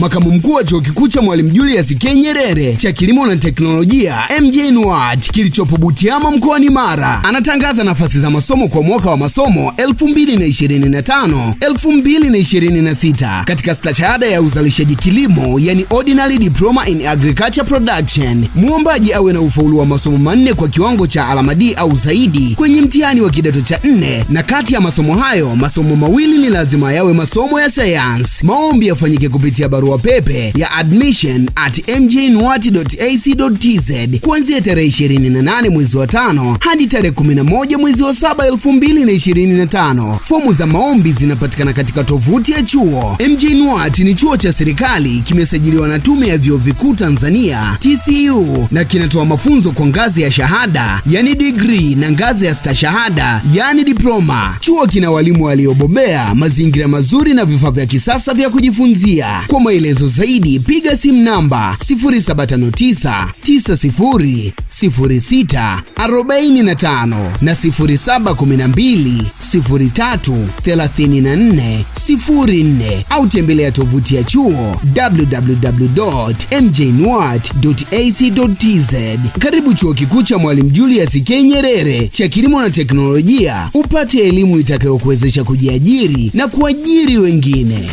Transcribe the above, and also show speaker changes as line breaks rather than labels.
Makamu mkuu wa chuo kikuu cha Mwalimu Julius K. Nyerere cha kilimo na teknolojia mj nwat kilichopo Butiama mkoani Mara anatangaza nafasi za masomo kwa mwaka wa masomo 2025 2026 katika stashahada ya uzalishaji kilimo, yani ordinary diploma in agriculture production. Muombaji awe na ufaulu wa masomo manne kwa kiwango cha alama D au zaidi kwenye mtihani wa kidato cha nne, na kati ya masomo hayo masomo mawili ni lazima yawe masomo ya sayansi. Maombi yafanyike kupitia barua pepe ya admission at mjnwati.ac.tz kuanzia tarehe 28 mwezi wa tano hadi tarehe 11 mwezi wa saba 2025. Fomu za maombi zinapatikana katika tovuti ya chuo. MJNUAT ni chuo cha serikali kimesajiliwa na Tume ya Vyuo Vikuu Tanzania TCU na kinatoa mafunzo kwa ngazi ya shahada yani degree na ngazi ya stashahada yani diploma. Chuo kina walimu waliobobea, mazingira mazuri na vifaa vya kisasa vya kujifunzia kwa maelezo zaidi piga simu namba 0759900645 na 0712033404 au tembelea tovuti ya chuo www.mjnwat.ac.tz. Karibu Chuo Kikuu cha Mwalimu Julius K. Nyerere cha Kilimo na Teknolojia, upate elimu itakayokuwezesha kujiajiri na kuajiri wengine.